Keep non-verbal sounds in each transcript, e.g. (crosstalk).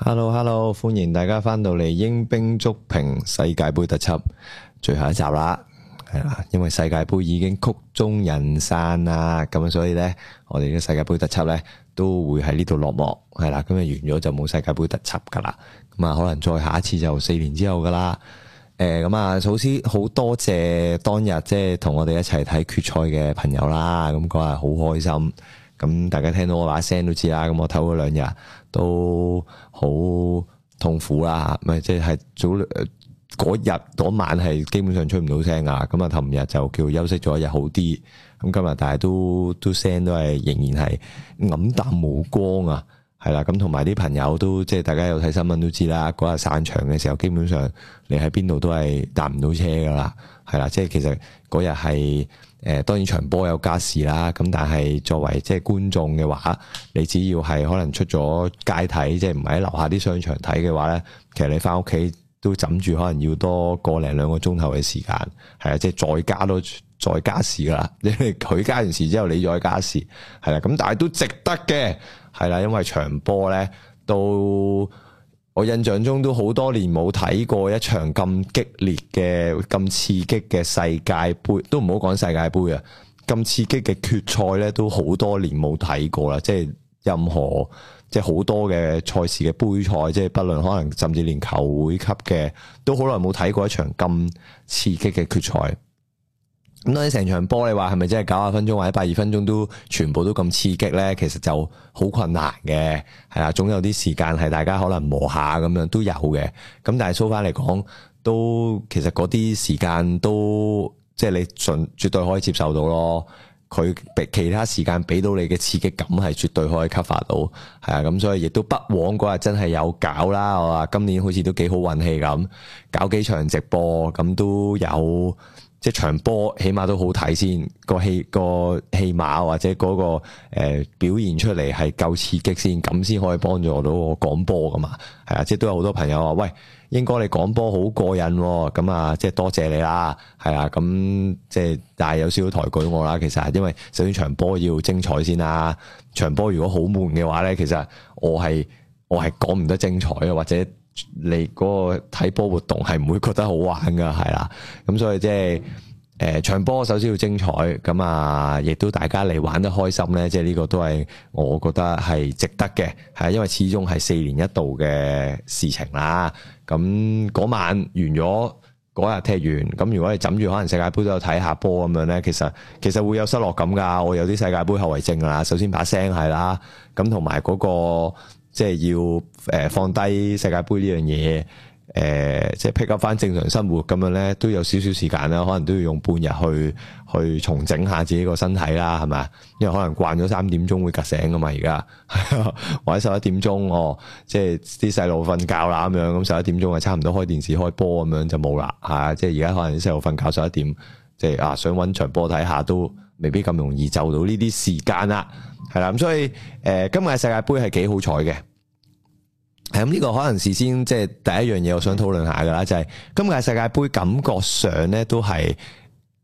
Hello，Hello，hello. 歡迎大家翻到嚟《鷹兵足評世界盃特輯》最後一集啦，係啦，因為世界盃已經曲終人散啦，咁所以呢，我哋嘅世界盃特輯呢都會喺呢度落幕，係啦，咁啊完咗就冇世界盃特輯噶啦，咁啊可能再下一次就四年之後噶啦，誒、呃，咁啊，首先好多謝當日即係同我哋一齊睇決賽嘅朋友啦，咁講係好開心。咁大家聽到我把聲都知啦，咁我唞咗兩日都好痛苦啦嚇，咪即係早嗰日嗰晚係基本上出唔到聲噶，咁啊琴日就叫休息咗一日好啲，咁今日但係都都聲都係仍然係黯淡無光啊，係啦，咁同埋啲朋友都即係大家有睇新聞都知啦，嗰日散場嘅時候，基本上你喺邊度都係搭唔到車噶啦，係啦，即係其實嗰日係。誒，當然場波有加時啦，咁但係作為即係觀眾嘅話，你只要係可能出咗街睇，即係唔喺樓下啲商場睇嘅話呢，其實你翻屋企都枕住可能要多個零兩個鐘頭嘅時間，係啊，即係再加都再加時噶啦，你佢加完時之後你再加時，係啦，咁但係都值得嘅，係啦，因為場波呢都。我印象中都好多年冇睇過一場咁激烈嘅、咁刺激嘅世界盃，都唔好講世界盃啊！咁刺激嘅決賽咧，都好多年冇睇過啦。即係任何即係好多嘅賽事嘅盃賽，即係不論可能甚至連球會級嘅，都好耐冇睇過一場咁刺激嘅決賽。咁你成場波你話係咪真係九啊分鐘或者百二分鐘都全部都咁刺激呢？其實就好困難嘅，係啦，總有啲時間係大家可能磨下咁樣都有嘅。咁但係蘇翻嚟講，都其實嗰啲時間都即係你盡絕對可以接受到咯。佢其他時間俾到你嘅刺激感係絕對可以吸發到，係啊。咁、嗯、所以亦都不枉嗰日真係有搞啦。我話今年好似都幾好運氣咁，搞幾場直播咁、嗯、都有。即係場波起碼都好睇先，個戲個戲碼或者嗰、嗰個、呃、表現出嚟係夠刺激先，咁先可以幫助到我講波㗎嘛？係啊，即係都有好多朋友話，喂，英哥，你講波好過癮喎、哦，咁啊，即係多謝你啦，係啊，咁即係但係有少少抬舉我啦。其實因為首先場波要精彩先啦，場波如果好悶嘅話咧，其實我係我係講唔得精彩嘅，或者。你嗰個睇波活動係唔會覺得好玩噶，係啦，咁所以即係誒，場、呃、波首先要精彩，咁啊，亦都大家嚟玩得開心呢。即係呢個都係我覺得係值得嘅，係因為始終係四年一度嘅事情啦。咁嗰晚完咗，嗰日踢完，咁如果你枕住可能世界盃都有睇下波咁樣呢，其實其實會有失落感噶。我有啲世界盃後遺症啦，首先把聲係啦，咁同埋嗰個。即係要誒放低世界盃呢樣嘢，誒、呃、即係 pick up 翻正常生活咁樣呢，都有少少時間啦，可能都要用半日去去重整下自己個身體啦，係咪？因為可能慣咗三點鐘會趌醒㗎嘛，而家 (laughs) 或者十一點鐘哦，即係啲細路瞓覺啦咁樣，咁十一點鐘啊，差唔多開電視開波咁樣就冇啦嚇。即係而家可能啲細路瞓覺十一點，即係啊想揾場波睇下都未必咁容易就到呢啲時間啦。係啦，咁所以誒、呃嗯，這個就是，今屆世界盃係幾好彩嘅。係咁呢個可能事先即係第一樣嘢，我想討論下噶啦，就係今屆世界盃感覺上咧，都係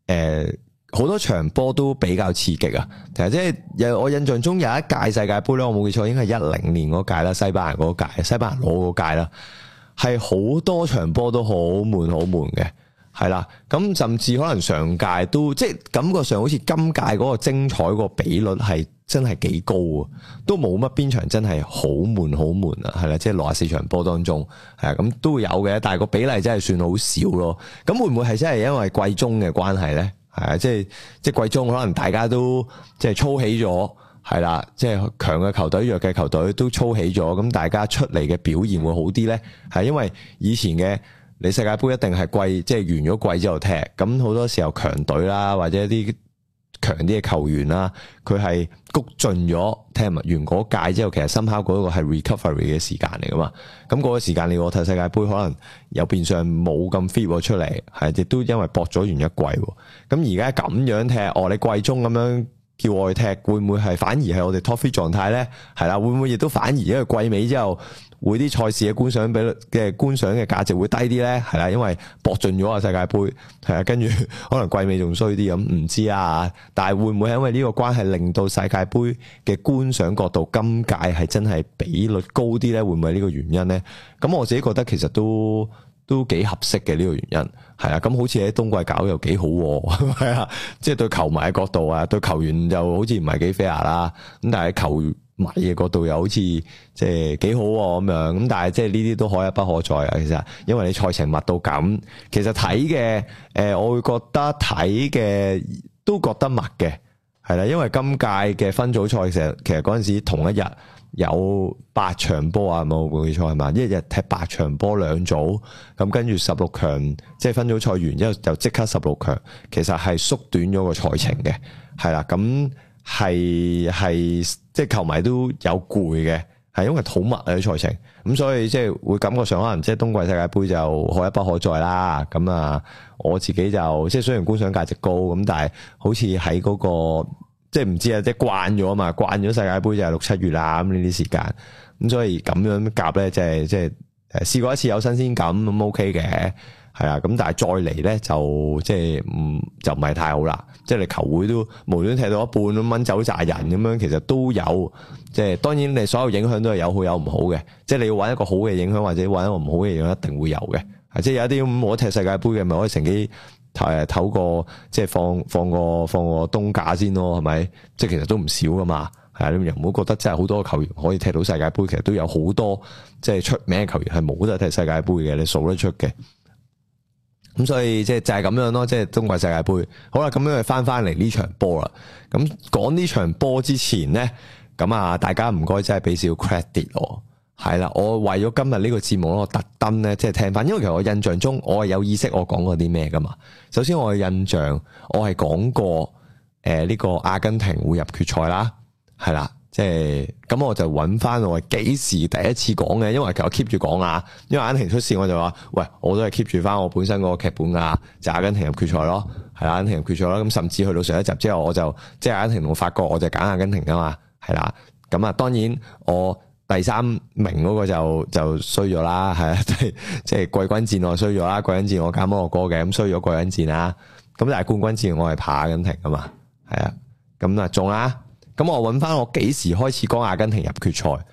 誒好多場波都比較刺激啊。其實即係有我印象中有一屆世界盃咧，我冇記錯，應該係一零年嗰屆啦，西班牙嗰屆，西班牙攞嗰屆啦，係好多場波都好悶好悶嘅。係啦，咁、嗯、甚至可能上屆都即係感覺上好似今屆嗰個精彩個比率係。真係幾高啊，都冇乜邊場真係好悶好悶啊，係啦，即係六十四場波當中，係啊，咁都有嘅，但係個比例真係算好少咯。咁會唔會係真係因為季中嘅關係呢？係啊，即係即係季中可能大家都即係操起咗，係啦，即係強嘅球隊、弱嘅球隊都操起咗，咁大家出嚟嘅表現會好啲呢？係因為以前嘅你世界杯一定係季即係完咗季之後踢，咁好多時候強隊啦或者啲。強啲嘅球員啦，佢係谷盡咗，聽物完嗰屆之後，其實深拋嗰個係 recovery 嘅時間嚟噶嘛。咁嗰個時間你我踢世界杯可能有變相冇咁 fit 我出嚟，係亦都因為博咗完一季。咁而家咁樣踢，哦你季中咁樣叫我去踢，會唔會係反而係我哋 top three 狀態呢？係啦，會唔會亦都反而因為季尾之後？會啲賽事嘅觀賞比嘅觀賞嘅價值會低啲呢？係啦，啊，因為搏盡咗啊世界盃，係啊，跟住可能季尾仲衰啲咁，唔知啊。但係會唔會係因為呢個關係令到世界盃嘅觀賞角度今屆係真係比率高啲呢？會唔會係呢個原因呢？咁我自己覺得其實都都幾合適嘅呢個原因，係啊。咁好似喺冬季搞又幾好，啊，係啊，即係對球迷嘅角度啊，對球員就好似唔係幾 fair 啦，啊。咁但係球。買嘢嗰度又好似即係幾好咁樣，咁但係即係呢啲都可一不可再啊！其實因為你賽程密到咁，其實睇嘅誒，我會覺得睇嘅都覺得密嘅，係啦，因為今屆嘅分組賽，其實嗰陣時同一日有八場波啊，冇冇錯係嘛，一日踢八場波兩組，咁跟住十六強即係分組賽完之後，就即刻十六強，其實係縮短咗個賽程嘅，係啦咁。係係即係球迷都有攰嘅，係因為土物啊啲賽程，咁、嗯、所以即係會感覺上可能即係冬季世界盃就可一不可再啦。咁、嗯、啊，我自己就即係雖然觀賞價值高，咁但係好似喺嗰個即係唔知啊，即係慣咗啊嘛，慣咗世界盃就係六七月啦，咁呢啲時間，咁、嗯、所以咁樣夾咧，即係即係試過一次有新鮮感，咁、嗯、OK 嘅。係啊，咁但係再嚟呢，就即係唔、嗯、就唔係太好啦。即係你球會都無端踢到一半咁掹走紮人咁樣，其實都有即係。當然你所有影響都係有好有唔好嘅。即係你要揾一個好嘅影響，或者揾一個唔好嘅影響，一定會有嘅。即係有一啲咁、嗯、冇踢世界盃嘅，咪可以乘機誒唞個即係放放個放個冬假先咯，係咪？即係其實都唔少噶嘛。係啊，你唔好覺得真係好多球員可以踢到世界盃，其實都有好多即係出名嘅球員係冇得踢世界盃嘅，你數得出嘅。咁 (noise) 所以即係就係咁樣咯，即係冬季世界杯。好啦，咁樣就翻翻嚟呢場波啦。咁講呢場波之前呢，咁啊大家唔該，真係俾少 credit 我。係啦，我為咗今日呢個節目我特登呢，即係聽翻，因為其實我印象中，我係有意識我講過啲咩噶嘛。首先我嘅印象，我係講過誒呢、呃這個阿根廷會入決賽啦，係啦。即係咁，我就搵翻我幾時第一次講嘅，因為其實 keep 住講啊，因為阿根廷出事，我就話喂，我都係 keep 住翻我本身嗰個劇本啊。」即係、阿根廷入決賽咯，係啦，阿根廷入決賽啦，咁甚至去到上一集之後，我就即係阿根廷同法國，我就揀阿根廷噶、啊、嘛，係啦，咁啊，當然我第三名嗰個就就衰咗啦，係即係季軍戰我衰咗啦，季軍戰我揀摩洛哥嘅，咁衰咗季軍戰啊，咁但係冠軍戰我係爬阿根廷噶嘛，係啊，咁、嗯、啊中啦。咁我揾翻我幾時開始講阿根廷入決賽，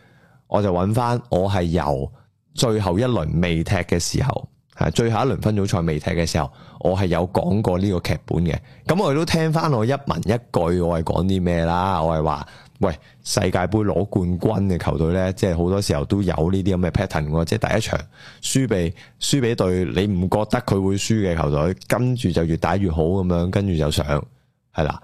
我就揾翻我係由最後一輪未踢嘅時候，係最後一輪分組賽未踢嘅時候，我係有講過呢個劇本嘅。咁我亦都聽翻我一文一句，我係講啲咩啦？我係話，喂，世界盃攞冠軍嘅球隊呢，即係好多時候都有呢啲咁嘅 pattern 嘅，即係第一場輸俾輸俾隊，你唔覺得佢會輸嘅球隊，跟住就越打越好咁樣，跟住就上，係啦。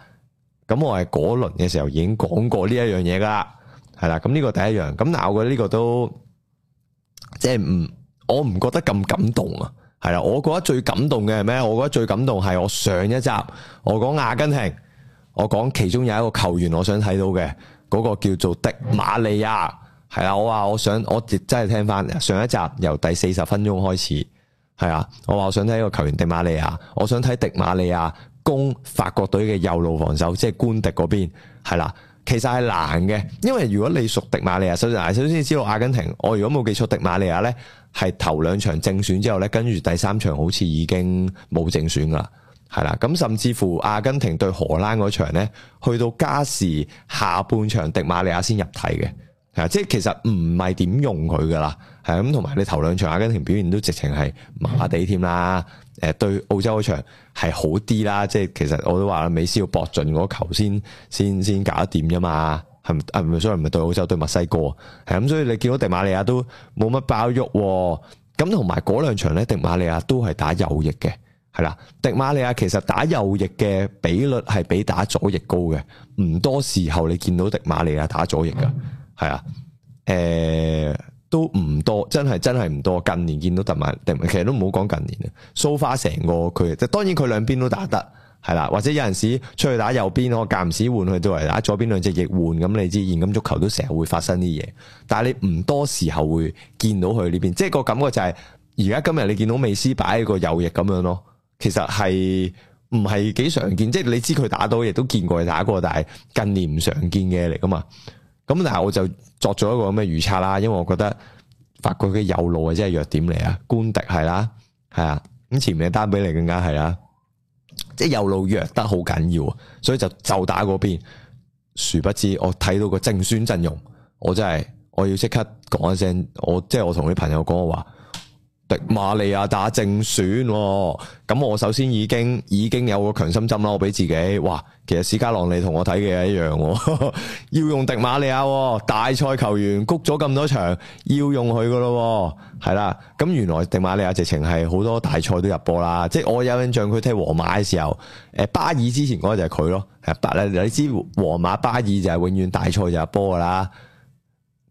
咁我係嗰輪嘅時候已經講過呢一樣嘢噶啦，係啦，咁呢個第一樣，咁鬧嘅呢個都即係唔，我唔覺得咁感動啊，係啦，我覺得最感動嘅係咩？我覺得最感動係我上一集我講阿根廷，我講其中有一個球員，我想睇到嘅嗰個叫做迪馬利亞，係啦，我話我想我真係聽翻上一集由第四十分鐘開始，係啊，我話我想睇一個球員迪馬利亞，我想睇迪馬利亞。攻法國隊嘅右路防守，即係官迪嗰邊，係啦。其實係難嘅，因為如果你熟迪馬利亞，所以嗱，首先你知道阿根廷。我如果冇記錯，迪馬利亞呢係頭兩場正選之後呢，跟住第三場好似已經冇正選噶啦，係啦。咁甚至乎阿根廷對荷蘭嗰場呢，去到加時下半場，迪馬利亞先入替嘅，係即係其實唔係點用佢噶啦，係咁。同埋你頭兩場阿根廷表現都直情係麻麻地添啦。誒對澳洲嗰場係好啲啦，即係其實我都話啦，美斯要搏盡嗰球先先先搞掂啫嘛，係唔係？所以唔係對澳洲係唔係對墨西哥，係咁。所以你見到迪馬利亞都冇乜爆肉喎，啊，咁同埋嗰兩場咧，迪馬利亞都係打右翼嘅，係啦。迪馬利亞其實打右翼嘅比率係比打左翼高嘅，唔多時候你見到迪馬利亞打左翼噶，係啊，誒、呃。都唔多，真係真係唔多。近年見到特埋，其實都唔好講近年 So far，成個佢，就當然佢兩邊都打得係啦，或者有陣時出去打右邊，我間唔時換佢做嚟打左邊兩隻翼換。咁你知，現今足球都成日會發生啲嘢，但係你唔多時候會見到佢呢邊，即係個感覺就係而家今日你見到美斯擺喺個右翼咁樣咯，其實係唔係幾常見？即係你知佢打到亦都見過佢打過，但係近年唔常見嘅嚟噶嘛。咁但係我就作咗一個咁嘅預測啦，因為我覺得法國嘅右路啊，即係弱點嚟啊，官迪係啦，係啊，咁前面嘅丹比利更加係啦，即係右路弱得好緊要，所以就就打嗰邊。殊不知我睇到個正選陣容，我真係我要即刻講一聲，我即係、就是、我同啲朋友講我話。迪馬利亞打正選、哦，咁我首先已經已經有個強心針啦，我俾自己。哇，其實史加洛尼同我睇嘅一樣、哦， (laughs) 要用迪馬利亞、哦、大賽球員谷咗咁多場，要用佢噶咯，係啦。咁原來迪馬利亞直情係好多大賽都入波啦，即係我有印象佢踢皇馬嘅時候，巴爾之前講嘅就係佢咯，係巴你知皇馬巴爾就係永遠大賽就入波噶啦。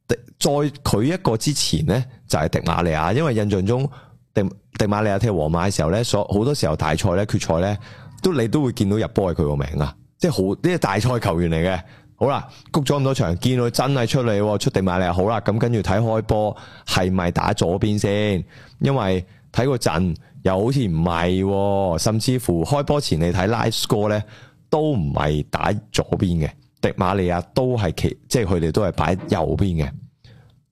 在佢一個之前呢，就係迪馬利亞，因為印象中迪迪馬利亞踢皇馬嘅時候呢，所好多時候大賽呢，決賽呢，都你都會見到入波係佢個名啊，即係好呢個大賽球員嚟嘅。好啦，谷咗咁多場，見到真係出嚟出迪馬利亞，好啦，咁跟住睇開波係咪打左邊先？因為睇個陣又好似唔係，甚至乎開波前你睇 live score 呢，都唔係打左邊嘅。迪馬利亞都係其，即係佢哋都係擺右邊嘅。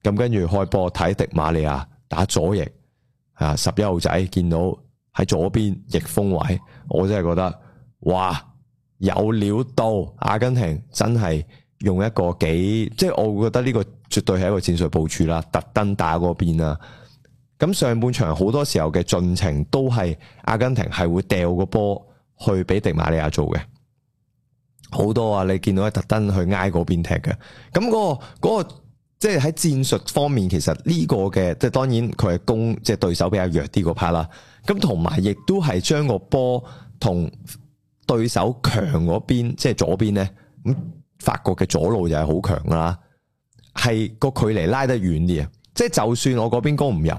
咁跟住開波睇迪馬利亞打左翼啊！十一號仔見到喺左邊翼鋒位，我真係覺得哇，有料到！阿根廷真係用一個幾，即係我會覺得呢個絕對係一個戰術部署啦，特登打嗰邊啦。咁上半場好多時候嘅進程都係阿根廷係會掉個波去俾迪馬利亞做嘅。好多啊！你見到佢特登去挨嗰邊踢嘅，咁嗰個嗰個即係喺戰術方面，其實呢個嘅即係當然佢係攻，即係對手比較弱啲嗰 part 啦。咁同埋亦都係將個波同對手強嗰邊，即係左邊呢，咁法國嘅左路就係好強啦，係個距離拉得遠啲啊！即係就算我嗰邊攻唔入，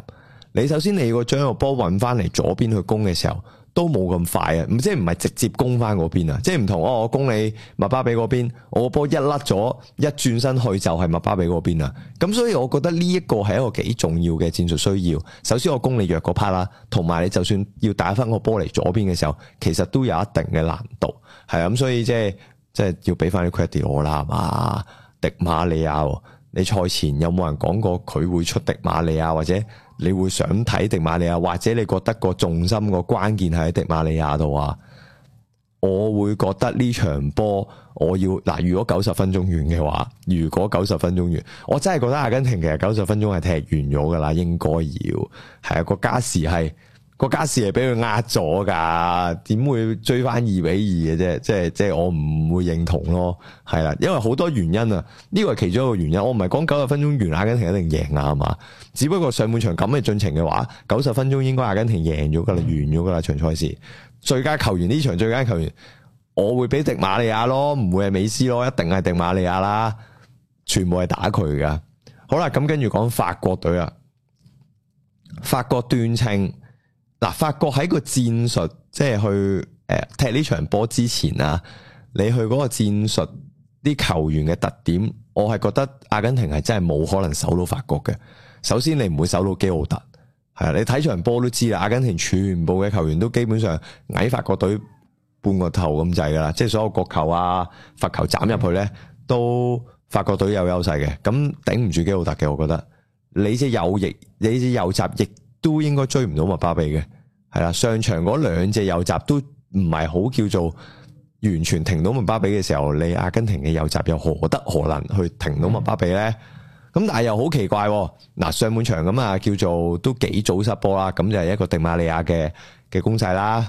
你首先你要將個波揾翻嚟左邊去攻嘅時候，都冇咁快啊！唔即係唔係直接攻翻嗰邊啊？即係唔同哦，我攻你麥巴比嗰邊，我波一甩咗，一轉身去就係麥巴比嗰邊啦。咁所以我覺得呢一個係一個幾重要嘅戰術需要。首先我攻你弱個 part 啦，同埋你就算要打翻個波嚟左邊嘅時候，其實都有一定嘅難度。係啊，咁所以即係即係要俾翻啲 credit 我啦，係嘛？迪馬利亞，你賽前有冇人講過佢會出迪馬利亞或者？你會想睇迪馬利亞，或者你覺得個重心個關鍵喺迪馬利亞度啊？我會覺得呢場波，我要嗱，如果九十分鐘完嘅話，如果九十分鐘完，我真係覺得阿根廷其實九十分鐘係踢完咗噶啦應該要係啊，個加時係。個加時係俾佢呃咗噶點會追翻二比二嘅啫？即係即係我唔會認同咯，係啦，因為好多原因啊。呢個係其中一個原因。我唔係講九十分鐘完，阿根廷一定贏啊，係嘛？只不過上半場咁嘅進程嘅話，九十分鐘應該阿根廷贏咗噶啦，完咗噶啦場賽事。最佳球員，呢場最佳球員，我會俾迪馬利亞咯，唔會係美斯咯，一定係迪馬利亞啦。全部係打佢噶。好啦，咁跟住講法國隊啊，法國斷稱。嗱，法國喺個戰術，即係去誒踢呢場波之前啊，你去嗰個戰術啲球員嘅特點，我係覺得阿根廷係真係冇可能守到法國嘅。首先你，你唔會守到基奧特，係啊，你睇場波都知啦。阿根廷全部嘅球員都基本上矮法國隊半個頭咁滯噶啦，即係所有角球啊、罰球斬入去呢，都法國隊有優勢嘅，咁頂唔住基奧特嘅，我覺得。你隻右翼，你隻右閘翼，都應該追唔到麥巴比嘅，係啦。上場嗰兩隻右閘都唔係好叫做完全停到麥巴比嘅時候，你阿根廷嘅右閘又何德何能去停到麥巴比呢？咁但係又好奇怪、啊，嗱上半場咁啊叫做都幾早失波啦，咁就係一個迪馬利亞嘅嘅攻勢啦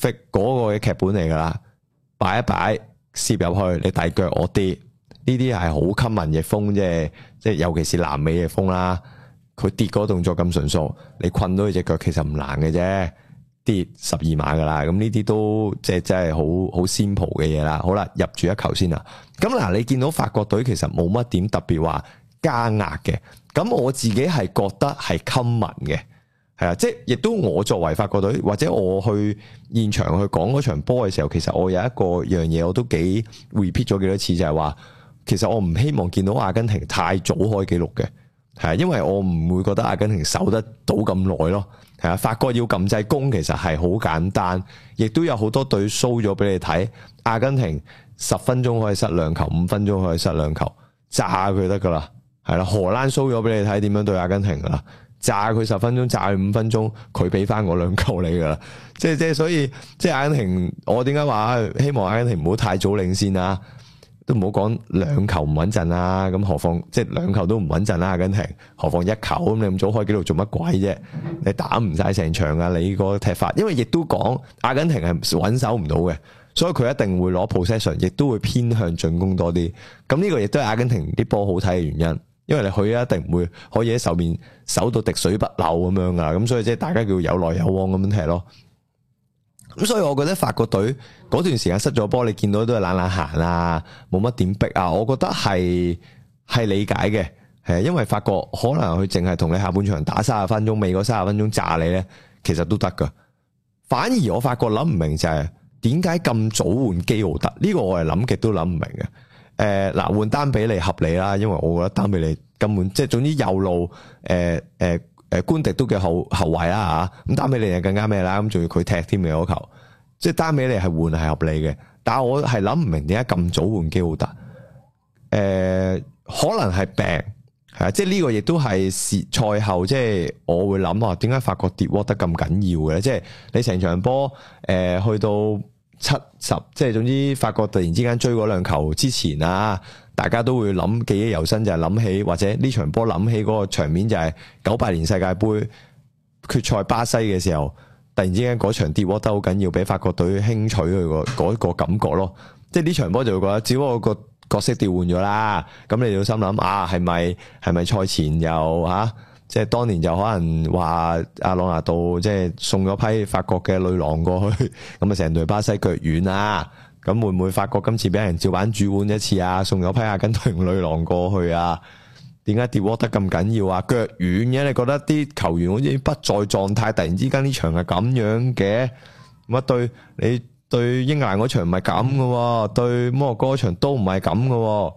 ，fit 嗰 (laughs) 個劇本嚟噶啦，擺一擺攝入去，你大腳我啲。呢啲係好吸引嘅風，即係即係尤其是南美嘅風啦。佢跌嗰個動作咁迅速，你困到佢隻腳其實唔難嘅啫，跌十二碼噶啦。咁呢啲都即係即係好好 simple 嘅嘢啦。好啦，入住一球先啦。咁嗱，你見到法國隊其實冇乜點特別話加壓嘅。咁我自己係覺得係親民嘅，係啊，即亦都我作為法國隊或者我去現場去講嗰場波嘅時候，其實我有一個樣嘢我都幾 repeat 咗幾多次，就係話其實我唔希望見到阿根廷太早開紀錄嘅。係啊，因為我唔會覺得阿根廷守得到咁耐咯。係啊，法國要禁制攻，其實係好簡單，亦都有好多隊 show 咗俾你睇。阿根廷十分鐘可以失兩球，五分鐘可以失兩球，炸佢得噶啦。係啦，荷蘭 show 咗俾你睇點樣對阿根廷噶啦，炸佢十分鐘，炸佢五分鐘，佢俾翻我兩球你噶啦。即係即係，所以即係阿根廷，我點解話希望阿根廷唔好太早領先啊？都唔好講兩球唔穩陣啦，咁何況即係兩球都唔穩陣啦，阿根廷，何況一球咁你咁早開紀錄做乜鬼啫？你打唔晒成場啊！你嗰踢法，因為亦都講阿根廷係穩守唔到嘅，所以佢一定會攞 position，亦都會偏向進攻多啲。咁呢個亦都係阿根廷啲波好睇嘅原因，因為你佢一定唔會可以喺後面守到滴水不漏咁樣啊，咁所以即係大家叫有來有往咁樣踢咯。咁所以我覺得法國隊嗰段時間失咗波，你見到都係懶懶閒啊，冇乜點逼啊，我覺得係係理解嘅，係因為法國可能佢淨係同你下半場打三十分鐘，未嗰三十分鐘炸你咧，其實都得噶。反而我發覺諗唔明就係點解咁早換基奧特？呢個我係諗極都諗唔明嘅。誒，嗱，換單比利合理啦，因為我覺得單比利根本即係總之右路誒誒。誒，官迪都叫後後衛啦吓，咁丹比利又更加咩啦？咁仲要佢踢添嘅嗰球，即係丹比利係換係合理嘅，但係我係諗唔明點解咁早換基奧達？誒、呃，可能係病係啊，即係呢個亦都係賽後即係我會諗啊，點解法國跌窩得咁緊要嘅？即係你成場波誒、呃，去到七十，即係總之法國突然之間追嗰兩球之前啊。大家都會諗記憶猶新，就係諗起或者呢場波諗起嗰個場面，就係九八年世界盃決賽巴西嘅時候，突然之間嗰場跌波得好緊要，俾法國隊輕取佢個感覺咯。即係呢場波就會覺得，只不過個角色調換咗啦。咁你就要心諗啊，係咪係咪賽前又嚇、啊？即係當年就可能話阿朗拿度即係送咗批法國嘅女郎過去，咁啊成隊巴西腳軟啊！咁會唔會發覺今次俾人照版煮碗一次啊？送咗批阿根廷女郎過去啊？點解跌窩得咁緊要啊？腳軟嘅，你覺得啲球員好似不在狀態？突然之間呢場係咁樣嘅，咁啊對，你對英格蘭嗰場唔係咁噶？對摩洛哥場都唔係咁噶？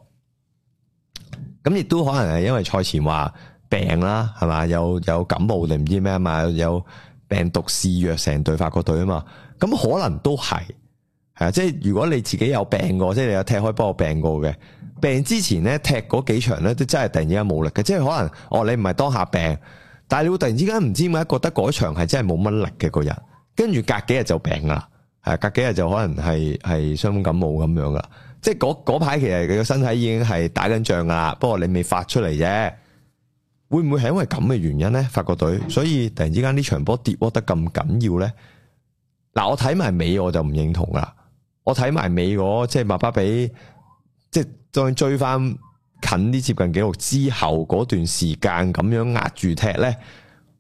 咁亦都可能係因為賽前話病啦，係嘛？有有感冒定唔知咩嘛？有病毒肆虐成隊法國隊啊嘛？咁可能都係。啊，即係如果你自己有病過，即係你有踢開波病過嘅，病之前呢踢嗰幾場呢，都真係突然之間冇力嘅，即係可能哦你唔係當下病，但係你會突然之間唔知點解覺得嗰場係真係冇乜力嘅，嗰人跟住隔幾日就病啦，隔幾日就可能係係傷風感冒咁樣噶。即係嗰排其實佢個身體已經係打緊仗噶啦，不過你未發出嚟啫會唔會係因為咁嘅原因呢？法國隊所以突然之間呢場波跌波得咁緊要呢？嗱，我睇埋尾我就唔認同啦。我睇埋尾嗰，即係麥巴比，即係再追翻近啲接近紀錄之後嗰段時間咁樣壓住踢呢。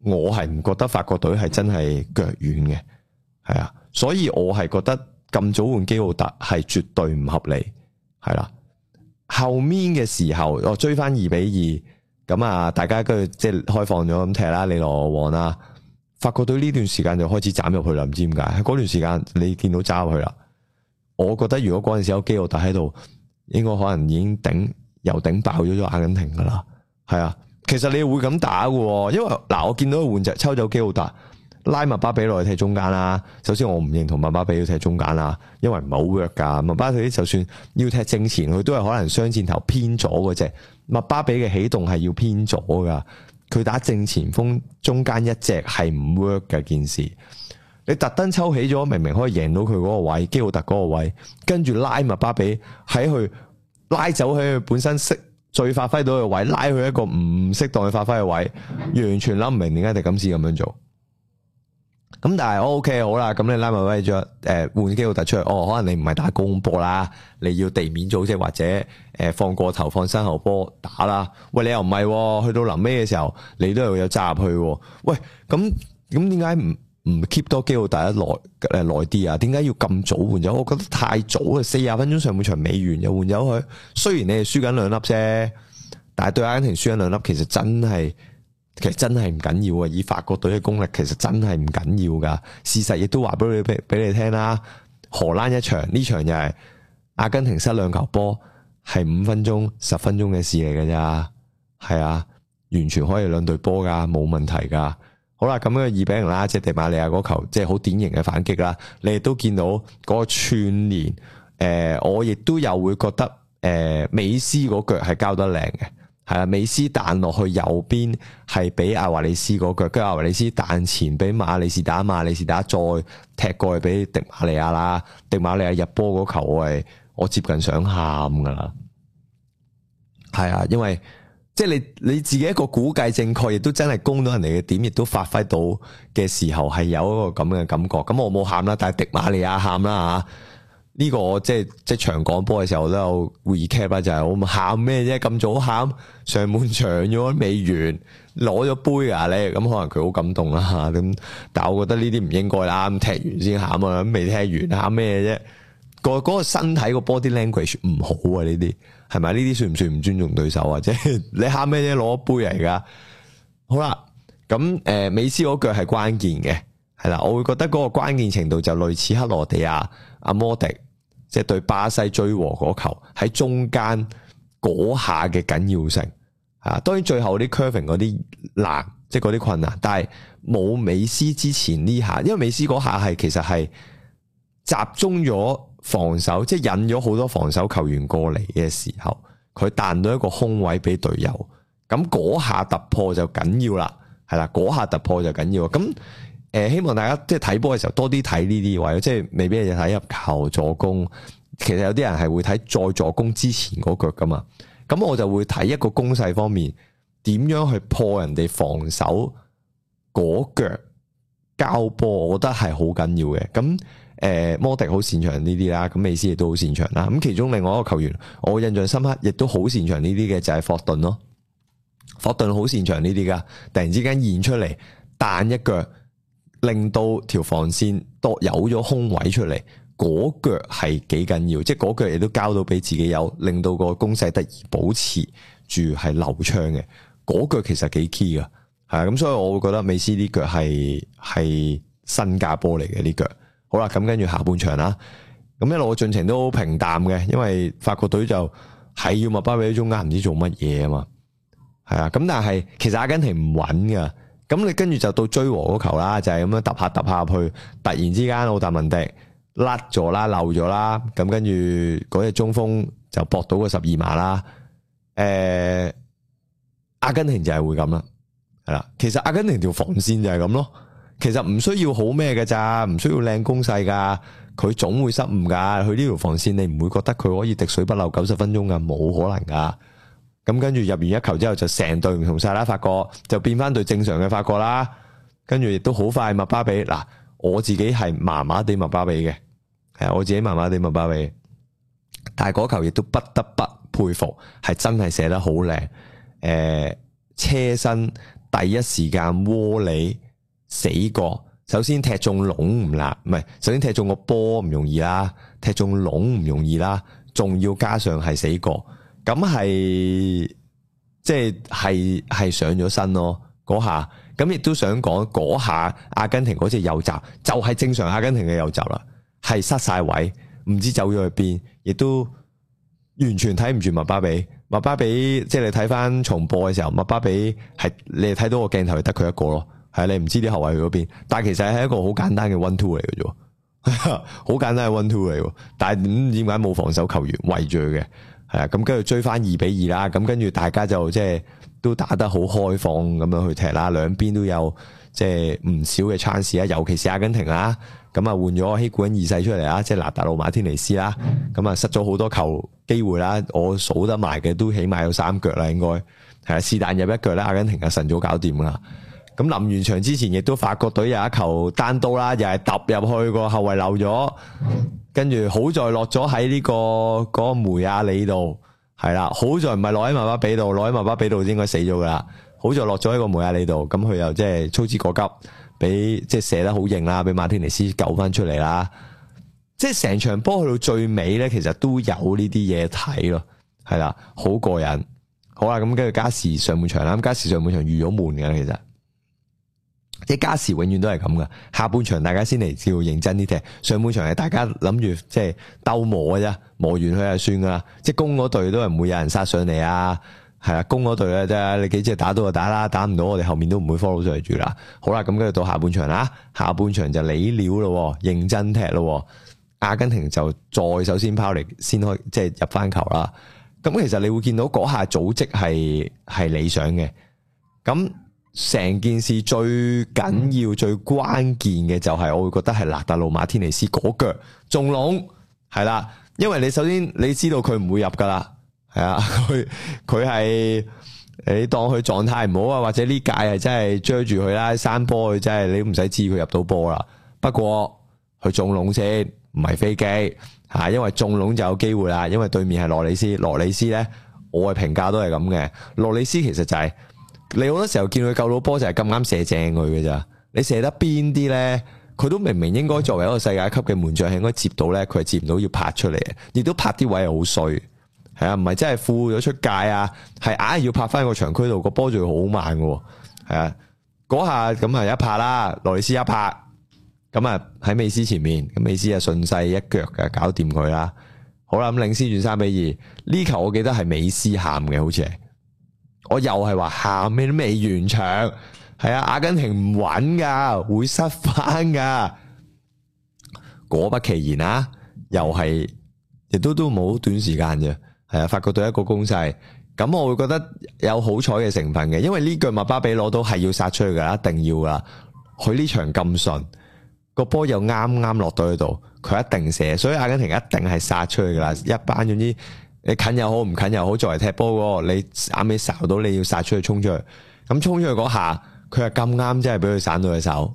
我係唔覺得法國隊係真係腳軟嘅，係啊，所以我係覺得咁早換基奧特係絕對唔合理，係啦。後面嘅時候我追翻二比二咁啊，大家跟住即係開放咗咁踢啦，你羅旺啦，法國隊呢段時間就開始斬入去啦，唔知點解嗰段時間你見到揸入去啦。我覺得如果嗰陣時有基奧達喺度，應該可能已經頂又頂爆咗咗阿根廷噶啦，係啊。其實你會咁打嘅，因為嗱，我見到佢換就抽走基奧達，拉麥巴比落去踢中間啦。首先我唔認同麥巴比要踢中間啦，因為唔係好 work 噶。麥巴比就算要踢正前，佢都係可能雙箭頭偏咗嗰隻。麥巴比嘅起動係要偏左噶，佢打正前鋒中間一隻係唔 work 嘅件事。你特登抽起咗，明明可以贏到佢嗰個位，基奧特嗰個位，跟住拉麥巴比喺佢，拉走喺佢本身適最發揮到嘅位，拉去一個唔適當去發揮嘅位，完全諗唔明點解你咁先咁樣做。咁但係 O K 好啦，咁你拉麥巴比出誒換基奧特出嚟，哦，可能你唔係打高空波啦，你要地面組織或者誒放過頭、放身後波打啦。喂，你又唔係、哦、去到臨尾嘅時候，你都又有扎入去。喂，咁咁點解唔唔 keep 多機會大、呃、一耐耐啲啊？點解要咁早換咗？我覺得太早啊！四十分鐘上半場未完又換咗佢。雖然你係輸緊兩粒啫，但係對阿根廷輸緊兩粒，其實真係其實真係唔緊要啊！以法國隊嘅功力，其實真係唔緊要噶。事實亦都話俾你俾你聽啦。荷蘭一場呢場又係阿根廷失兩球波，係五分鐘、十分鐘嘅事嚟噶咋？係啊，完全可以兩隊波噶，冇問題噶。好啦，咁樣二比零啦，0，即係迪馬利亞嗰球，即係好典型嘅反擊啦。你哋都見到嗰串連，誒、呃，我亦都有會覺得，誒、呃，美斯嗰腳係交得靚嘅，係啊，美斯彈落去右邊係俾阿華利斯嗰腳，跟阿華利斯彈前俾馬里士打，馬里士打再踢過去俾迪馬利亞啦，迪馬利亞入波嗰球，球我，我係我接近想喊噶啦，係啊，因為。即係你你自己一個估計正確，亦都真係攻到人哋嘅點，亦都發揮到嘅時候，係有一個咁嘅感覺。咁我冇喊啦，但係迪馬利亞喊啦吓。呢、啊這個即係即係長廣播嘅時候我都有 recap 啊、就係，就係我喊咩啫？咁早喊上半場咗未完，攞咗杯噶你咁可能佢好感動啦吓。咁、啊、但係我覺得呢啲唔應該啦。咁踢完先喊啊，咁未踢完喊咩啫？個、嗰個身體個 body language 唔好啊呢啲。係咪呢啲算唔算唔尊重對手啊？即 (laughs) 係你喊咩嘢，攞一杯嚟㗎？好啦，咁誒、呃，美斯嗰腳係關鍵嘅，係啦，我會覺得嗰個關鍵程度就類似克羅地亞阿、啊、摩迪即係、就是、對巴西追和嗰球喺中間嗰下嘅緊要性啊。當然最後啲 curving 嗰啲難，即係嗰啲困難，但係冇美斯之前呢下，因為美斯嗰下係其實係集中咗。防守即係引咗好多防守球員過嚟嘅時候，佢彈到一個空位俾隊友，咁嗰下突破就緊要啦，係啦，嗰下突破就緊要。咁誒、呃，希望大家即係睇波嘅時候多啲睇呢啲位，即係未必係睇入球助攻，其實有啲人係會睇再助攻之前嗰腳㗎嘛。咁我就會睇一個攻勢方面，點樣去破人哋防守嗰腳交波，我覺得係好緊要嘅。咁。誒、欸，摩迪好擅長呢啲啦，咁美斯亦都好擅長啦。咁其中另外一個球員，我印象深刻，亦都好擅長呢啲嘅就係、是、霍頓咯。霍頓好擅長呢啲噶，突然之間現出嚟彈一腳，令到條防線多有咗空位出嚟。嗰腳係幾緊要，即係嗰腳亦都交到俾自己有，令到個攻勢得以保持住係流暢嘅。嗰腳其實幾 key 噶，係啊，咁所以我會覺得美斯呢腳係係新加坡嚟嘅呢腳。好啦，咁跟住下半場啦，咁一路嘅進程都好平淡嘅，因為法國隊就係要麥巴比中間唔知做乜嘢啊嘛，係啊，咁但係其實阿根廷唔穩噶，咁你跟住就到追和嗰球啦，就係、是、咁樣揼下揼下去，突然之間奧達文迪甩咗啦，漏咗啦，咁跟住嗰隻中鋒就博到個十二碼啦，誒、欸，阿根廷就係會咁啦，係啦，其實阿根廷條防線就係咁咯。其實唔需要好咩嘅咋，唔需要靚攻勢噶，佢總會失誤噶。佢呢條防線，你唔會覺得佢可以滴水不漏九十分鐘嘅？冇可能噶。咁跟住入完一球之後，就成隊唔同晒啦，法國就變翻隊正常嘅法國啦。跟住亦都好快，麥巴比嗱，我自己係麻麻地麥巴比嘅，係我自己麻麻地麥巴比。但係嗰球亦都不得不佩服，係真係射得好靚。誒、呃，車身第一時間窩你，死角，首先踢中籠唔難，唔係，首先踢中個波唔容易啦，踢中籠唔容易啦，仲要加上係死角，咁係即係係係上咗身咯，嗰下，咁亦都想講嗰下阿根廷嗰隻右閘就係、是、正常阿根廷嘅右閘啦，係失晒位，唔知走咗去邊，亦都完全睇唔住麥巴比，麥巴比，即係你睇翻重播嘅時候，麥巴比係你睇到個鏡頭，係得佢一個咯。係你唔知啲後衛去咗邊，但係其實係一個好簡單嘅 one two 嚟嘅啫，好簡單嘅 one two 嚟。但係點解冇防守球員圍住佢嘅？係啊，咁跟住追翻二比二啦。咁跟住大家就即係都打得好開放咁樣去踢啦，兩邊都有即係唔少嘅嘗試啊。尤其是阿根廷啊，咁啊換咗希古恩二世出嚟啊，即係納達路馬天尼斯啦，咁啊失咗好多球機會啦。我數得埋嘅都起碼有三腳啦，應該係啊，是但入一腳咧，阿根廷啊晨早搞掂啦。咁臨完場之前，亦都法國隊有一球單刀啦，又係揼入去後衛、這個後衛漏咗，跟、那、住、個、好在落咗喺呢個嗰梅亞里度，係啦，好在唔係落喺麥巴比度，落喺麥巴比度應該死咗噶啦，好在落咗喺個梅亞里度，咁佢又即係操之過急，俾即係射得好型啦，俾馬天尼斯救翻出嚟啦，即係成場波去到最尾呢，其實都有呢啲嘢睇咯，係啦，好過癮。好啦，咁跟住加時上半場啦，咁加時上半場預咗門嘅其實。一加時永遠都係咁噶，下半場大家先嚟照認真啲踢，上半場係大家諗住即係鬥磨嘅啫，磨完佢就算噶啦，即係攻嗰隊都係唔會有人殺上嚟啊，係啦，攻嗰隊咧啫，你幾隻打到就打啦，打唔到我哋後面都唔會 follow 上嚟住啦。好啦，咁跟住到下半場啦，下半場就理料咯，認真踢咯，阿根廷就再首先拋力先開，即係入翻球啦。咁其實你會見到嗰下組織係係理想嘅，咁。成件事最緊要、最關鍵嘅就係我會覺得係納達路馬天尼斯嗰腳中籠係啦，因為你首先你知道佢唔會入噶啦，係啊，佢佢係你當佢狀態唔好啊，或者呢屆係真係追住佢啦，刪波佢真係你唔使知佢入到波啦。不過佢中籠先唔係飛機吓，因為中籠就有機會啦。因為對面係羅里斯，羅里斯呢，我嘅評價都係咁嘅，羅里斯其實就係。你好多時候見佢救到波就係咁啱射正佢嘅咋？你射得邊啲呢？佢都明明應該作為一個世界級嘅門將，係應該接到呢。佢係接唔到要拍出嚟，亦都拍啲位好衰，係啊，唔係真係負咗出界啊，係硬係要拍翻個場區度，個波仲好慢嘅喎，係啊，嗰、啊、下咁係一拍啦，羅伊斯一拍，咁啊喺美斯前面，咁美斯啊順勢一腳嘅搞掂佢啦，好啦，咁領先轉三比二，呢球我記得係美斯喊嘅好似係。我又係話下邊都未完場，係啊，阿根廷唔穩噶，會失翻噶。果不其然啊，又係，亦都都冇短時間啫，係啊，發覺到一個攻勢。咁我會覺得有好彩嘅成分嘅，因為呢句麥巴比攞到係要殺出去噶，一定要噶。佢呢場咁順，個波又啱啱落到喺度，佢一定射，所以阿根廷一定係殺出去噶啦，一班總之。你近又好，唔近又好，作為踢波嗰個，你眼尾睄到你要殺出去衝出去，咁衝出去嗰下，佢係咁啱，真係俾佢散到隻手，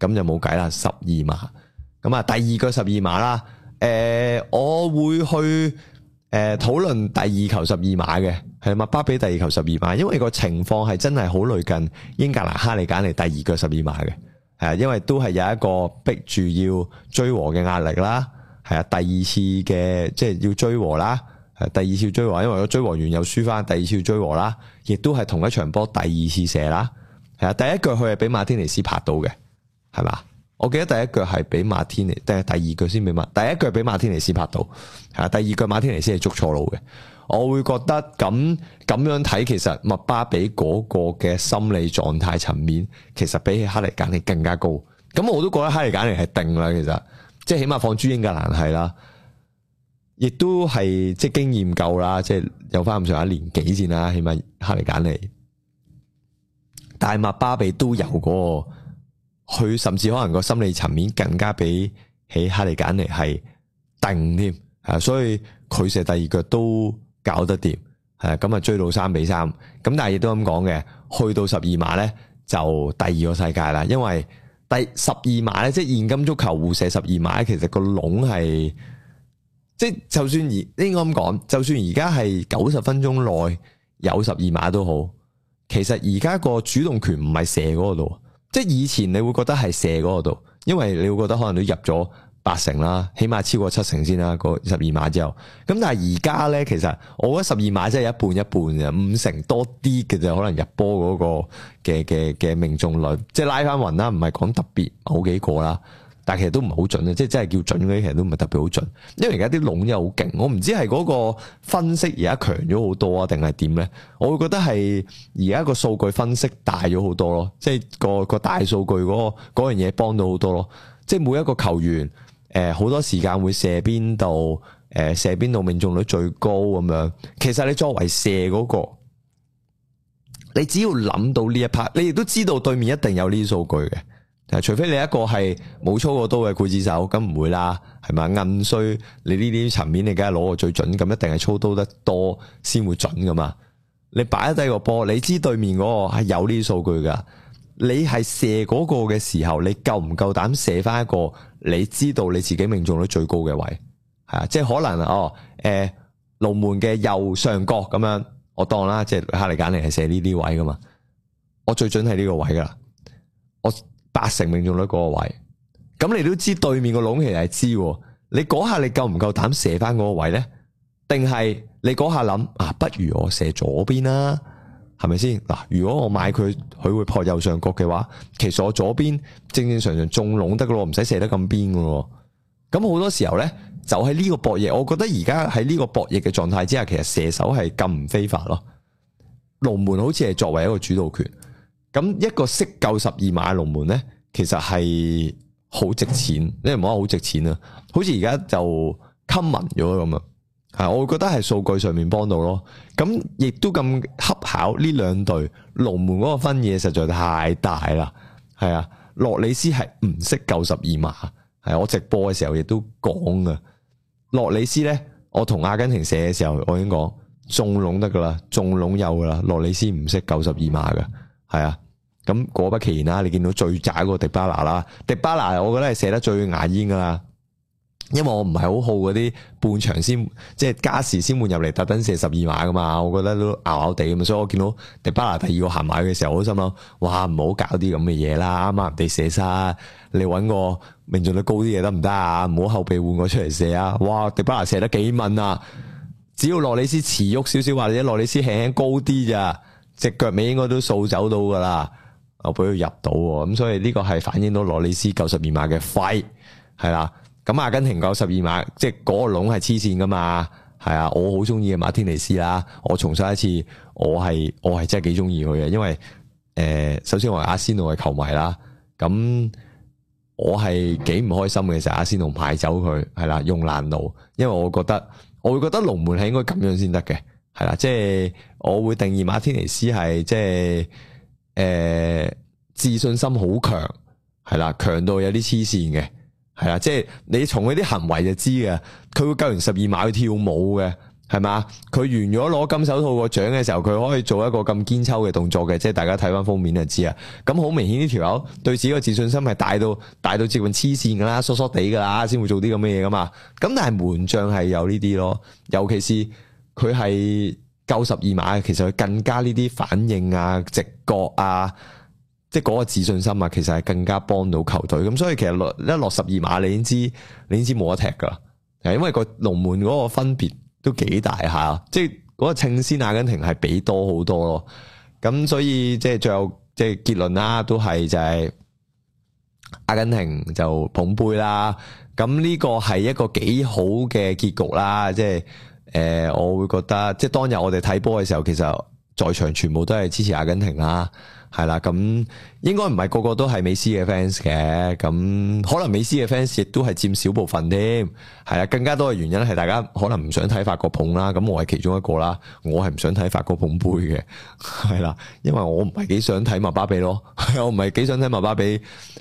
咁就冇計啦，十二碼。咁啊，第二個十二碼啦，誒、呃，我會去誒討論第二球十二碼嘅，係嘛？巴比第二球十二碼，因為個情況係真係好類近英格蘭哈利簡尼第二個十二碼嘅，係啊，因為都係有一個逼住要追和嘅壓力啦，係啊，第二次嘅即係要追和啦。第二次追和，因為個追和完又輸翻，第二次追和啦，亦都係同一場波第二次射啦，係啊，第一腳佢係俾馬天尼斯拍到嘅，係嘛？我記得第一腳係俾馬天尼，第第二腳先俾馬，第一腳俾馬天尼斯拍到，係第二腳馬天尼斯係捉錯路嘅。我會覺得咁咁樣睇，其實麥巴比嗰個嘅心理狀態層面，其實比起哈利簡尼更加高。咁我都覺得哈利簡尼係定啦，其實即係起碼放諸英格蘭係啦。亦都係即係經驗夠啦，即係有翻唔上一年紀先啦，起碼哈利簡尼，大麥巴比都有個，佢甚至可能個心理層面更加比起哈利簡尼係定添，啊，所以佢射第二腳都搞得掂。誒，咁啊追到三比三，咁但係亦都咁講嘅，去到十二碼呢，就第二個世界啦，因為第十二碼呢，即係現今足球互射十二碼咧，其實個籠係。即就算而應該咁講，就算而家係九十分鐘內有十二碼都好，其實而家個主動權唔係射嗰個度。即係以前你會覺得係射嗰個度，因為你會覺得可能你入咗八成啦，起碼超過七成先啦，個十二碼之後。咁但係而家呢，其實我覺得十二碼真係一半一半咋，五成多啲嘅咋，可能入波嗰個嘅嘅嘅命中率，即係拉翻匀啦，唔係講特別某幾個啦。但其實都唔係好準咧，即係真係叫準嗰啲，其實都唔係特別好準。因為而家啲籠又好勁，我唔知係嗰個分析而家強咗好多啊，定係點呢？我會覺得係而家個數據分析大咗好多咯，即係個個大數據嗰個嗰樣嘢幫到好多咯。即係每一個球員，誒、呃，好多時間會射邊度，誒、呃，射邊度命中率最高咁樣。其實你作為射嗰個，你只要諗到呢一 part，你亦都知道對面一定有呢啲數據嘅。除非你一個係冇操過刀嘅劊子手，咁唔會啦，係咪？暗衰，你呢啲層面，你梗係攞個最準，咁一定係操刀得多先會準㗎嘛。你擺低個波，你知對面嗰個係有呢啲數據噶，你係射嗰個嘅時候，你夠唔夠膽射翻一個你知道你自己命中率最高嘅位，係啊，即係可能哦，誒、呃，龍門嘅右上角咁樣，我當啦，即係哈利簡尼係射呢啲位噶嘛，我最準係呢個位噶，我。八成命中率嗰個位，咁你都知對面個窿其實係知，你嗰下你夠唔夠膽射翻嗰個位呢？定係你嗰下諗啊，不如我射左邊啦，係咪先？嗱，如果我買佢，佢會破右上角嘅話，其實我左邊正正常常中窿得㗎咯，唔使射得咁邊㗎。咁好多時候呢，就喺呢個博弈，我覺得而家喺呢個博弈嘅狀態之下，其實射手係咁唔非法咯，龍門好似係作為一個主導權。咁一個識救十二碼嘅龍門呢，其實係好值錢，你唔好話好值錢啊！好似而家就 common 咗咁啊，係，我會覺得係數據上面幫到咯。咁亦都咁恰巧呢兩隊龍門嗰個分野實在太大啦，係啊。洛里斯係唔識救十二碼，係啊，我直播嘅時候亦都講噶。洛里斯呢，我同阿根廷寫嘅時候我已經講中籠得噶啦，中籠有噶啦。洛里斯唔識救十二碼噶，係啊。咁果不其然啦，你見到最窄嗰個迪巴拿啦，迪巴拿我覺得係射得最牙煙噶啦，因為我唔係好好嗰啲半場先，即係加時先換入嚟，特登射十二碼噶嘛，我覺得都拗拗地咁，所以我見到迪巴拿第二個行埋嘅時候，我都心諗：哇，唔好搞啲咁嘅嘢啦，啱啱人哋射晒，你揾個命中率高啲嘢得唔得啊？唔好後備換我出嚟射啊！哇，迪巴拿射得幾敏啊！只要羅里斯遲喐少少或者羅里斯輕輕高啲咋，隻腳尾應該都掃走到噶啦。我俾佢入到，咁所以呢個係反映到羅里斯九十二碼嘅快，係啦。咁阿根廷九十二碼，即係嗰個籠係黐線噶嘛，係啊。我好中意嘅馬天尼斯啦，我重申一次，我係我係真係幾中意佢嘅，因為誒、呃，首先我係阿仙奴嘅球迷啦，咁我係幾唔開心嘅，就係，阿仙奴派走佢，係啦，用爛路，因為我覺得我會覺得龍門係應該咁樣先得嘅，係啦，即係我會定義馬天尼斯係即係。誒，自信心好強，係啦，強到有啲黐線嘅，係啦，即係你從佢啲行為就知嘅，佢會救完十二碼去跳舞嘅，係嘛？佢完咗攞金手套個獎嘅時候，佢可以做一個咁堅抽嘅動作嘅，即係大家睇翻封面就知啊。咁好明顯呢條友對自己個自信心係大到大到接近黐線噶啦，傻傻地噶啦，先會做啲咁嘅嘢噶嘛。咁但係門將係有呢啲咯，尤其是佢係。九十二碼其實佢更加呢啲反應啊、直覺啊，即係嗰個自信心啊，其實係更加幫到球隊。咁所以其實落一落十二碼，你已經知你已經知冇得踢噶啦，係因為個龍門嗰個分別都幾大下，即係嗰個稱先阿根廷係比多好多咯。咁所以即係最後即係、就是、結論啦，都係就係阿根廷就捧杯啦。咁呢個係一個幾好嘅結局啦，即係。誒、呃，我會覺得即係當日我哋睇波嘅時候，其實在場全部都係支持阿根廷啦，係啦，咁、嗯、應該唔係個個都係美斯嘅 fans 嘅，咁、嗯、可能美斯嘅 fans 亦都係佔少部分添，係啦，更加多嘅原因係大家可能唔想睇法國捧啦，咁、嗯、我係其中一個啦，我係唔想睇法國捧杯嘅，係啦，因為我唔係幾想睇麥巴比咯，係我唔係幾想睇麥巴比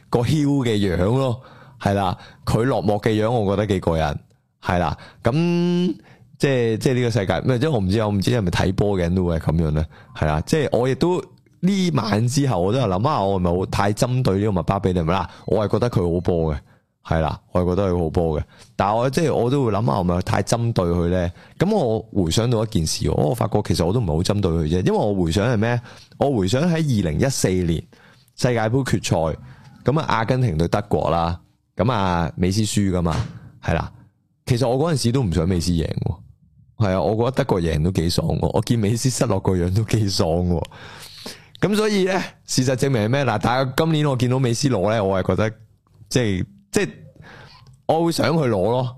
個囂嘅樣咯，係啦，佢落寞嘅樣我覺得幾過癮，係啦，咁、嗯。嗯即係即係呢個世界，咩即係我唔知，我唔知係咪睇波嘅人都會係咁樣咧，係啦。即係我亦都呢晚之後，我都有諗下我是是，我係咪好太針對呢個麥巴比咧？咪啦，我係覺得佢好波嘅，係啦，我係覺得佢好波嘅。但係我即係我都會諗下我是是，我係咪太針對佢咧？咁我回想到一件事，我發覺其實我都唔係好針對佢啫。因為我回想係咩？我回想喺二零一四年世界杯決賽，咁啊阿根廷對德國啦，咁啊美斯輸噶嘛，係啦。其實我嗰陣時都唔想美斯贏。係啊，我覺得德國贏都幾爽嘅，我見美斯失落個樣都幾爽嘅。咁所以呢，事實證明係咩？嗱，但係今年我見到美斯攞呢，我係覺得即係即係，我會想去攞咯。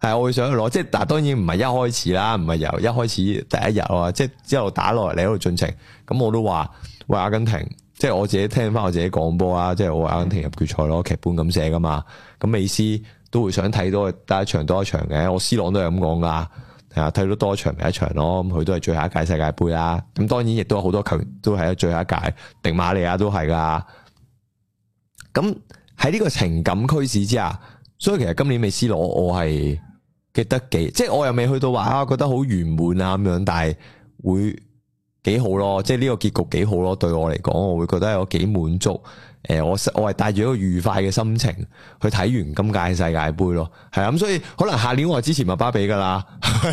係，我會想去攞。即係，但當然唔係一開始啦，唔係由一開始第一日啊，即係之後打落嚟喺度進程。咁我都話喂阿根廷，即係我自己聽翻我自己廣播啊，即係我阿根廷入決賽咯，劇本咁寫噶嘛。咁美斯都會想睇多打一場多一場嘅，我 C 朗都係咁講噶。睇到多場咪一場咯，咁佢都係最後一屆世界杯啦。咁當然亦都有好多球員，都係喺最後一屆，迪馬利亞都係噶。咁喺呢個情感驅使之下，所以其實今年美斯囉我，我係記得幾，即係我又未去到話啊，覺得好圓滿啊咁樣，但係會幾好咯，即係呢個結局幾好咯，對我嚟講，我會覺得我幾滿足。誒，我我係帶住一個愉快嘅心情去睇完今屆世界盃咯，係啊，咁所以可能下年我係支持麥巴比噶啦，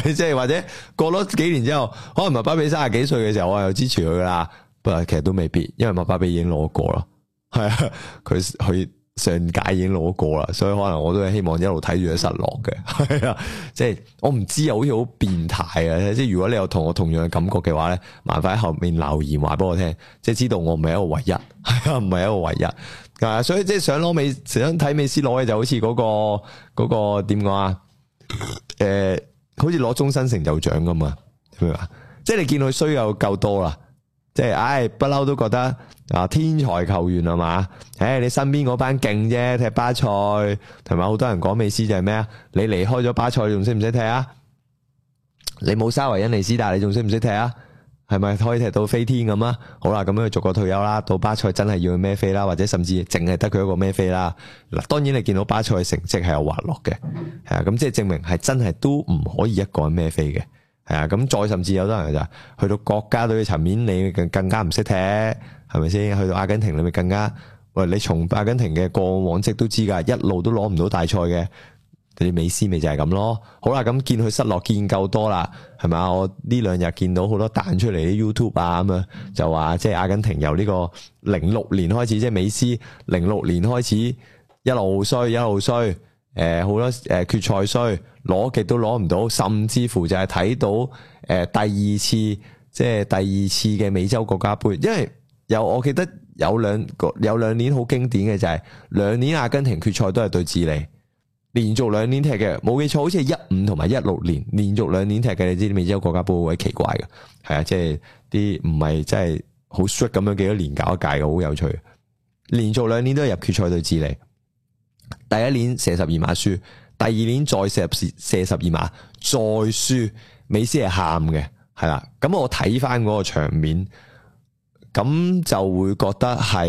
即係或者過咗幾年之後，可能麥巴比三十幾歲嘅時候，我係有支持佢噶啦，不過其實都未必，因為麥巴比已經攞過咯，係啊，佢佢。上屆已經攞過啦，所以可能我都係希望一路睇住佢失落嘅，係 (laughs) 啊、就是，即係我唔知啊，好似好變態啊！即係如果你有同我同樣嘅感覺嘅話咧，麻煩喺後面留言話俾我聽，即係知道我唔係一個唯一，係啊，唔係一個唯一，係嘛？所以即係想攞美想睇美斯攞嘅就好似嗰、那個嗰、那個點講啊？誒、呃，好似攞終身成就獎咁啊！即係你見佢衰又夠多啦。 (music) 即係，唉，不嬲都覺得啊，天才球員係嘛？唉、哎，你身邊嗰班勁啫，踢巴塞，同埋好多人講美斯就係咩啊？你離開咗巴塞，仲識唔識踢啊？你冇沙維恩尼斯，但係你仲識唔識踢啊？係咪可以踢到飛天咁啊？好啦，咁樣佢逐個退休啦，到巴塞真係要去孭飛啦？或者甚至淨係得佢一個孭飛啦？嗱，當然你見到巴塞嘅成績係有滑落嘅，係啊，咁即係證明係真係都唔可以一個人孭飛嘅。係啊，咁再甚至有啲人就去到國家隊嘅層面，你更加唔識踢，係咪先？去到阿根廷你咪更加，喂，你從阿根廷嘅過往跡都知噶，一路都攞唔到大賽嘅，啲美斯咪就係咁咯。好啦，咁、啊、見佢失落見夠多啦，係咪啊？我呢兩日見到好多彈出嚟啲 YouTube 啊，咁啊，就話即係阿根廷由呢個零六年開始，即係美斯零六年開始一路衰，一路衰。誒，好多誒決賽衰攞極都攞唔到，甚至乎就係睇到誒第二次，即係第二次嘅美洲國家盃，因為有我記得有兩個有兩年好經典嘅就係兩年阿根廷決賽都係對智利，連續兩年踢嘅冇記錯，好似係一五同埋一六年連續兩年踢嘅，你知美洲國家盃好鬼奇怪嘅，係啊，即係啲唔係真係好 short 咁樣幾多年搞一屆嘅，好有趣，連續兩年都係入決賽對智利。第一年射十二碼輸，第二年再射十射十二碼再輸，美斯係喊嘅，係啦。咁我睇翻嗰個場面，咁就會覺得係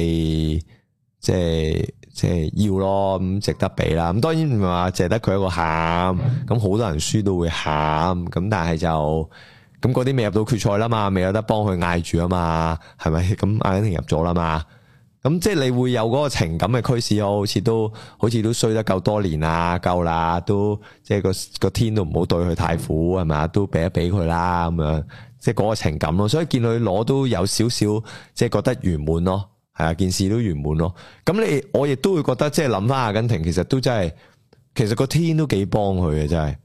即係即係要咯，咁值得俾啦。咁當然唔係話淨係得佢一個喊，咁好多人輸都會喊，咁但係就咁嗰啲未入到決賽啦嘛，未有得幫佢嗌住啊嘛，係咪？咁阿根廷入咗啦嘛。咁即係你會有嗰個情感嘅驅使，我好似都好似都衰得夠多年啦，夠啦，都即係個個天都唔好對佢太苦，係咪啊？都俾一俾佢啦，咁樣即係嗰個情感咯。所以見佢攞都有少少，即係覺得圓滿咯，係啊，件事都圓滿咯。咁你我亦都會覺得，即係諗翻阿根廷，其實都真係，其實個天都幾幫佢嘅真係。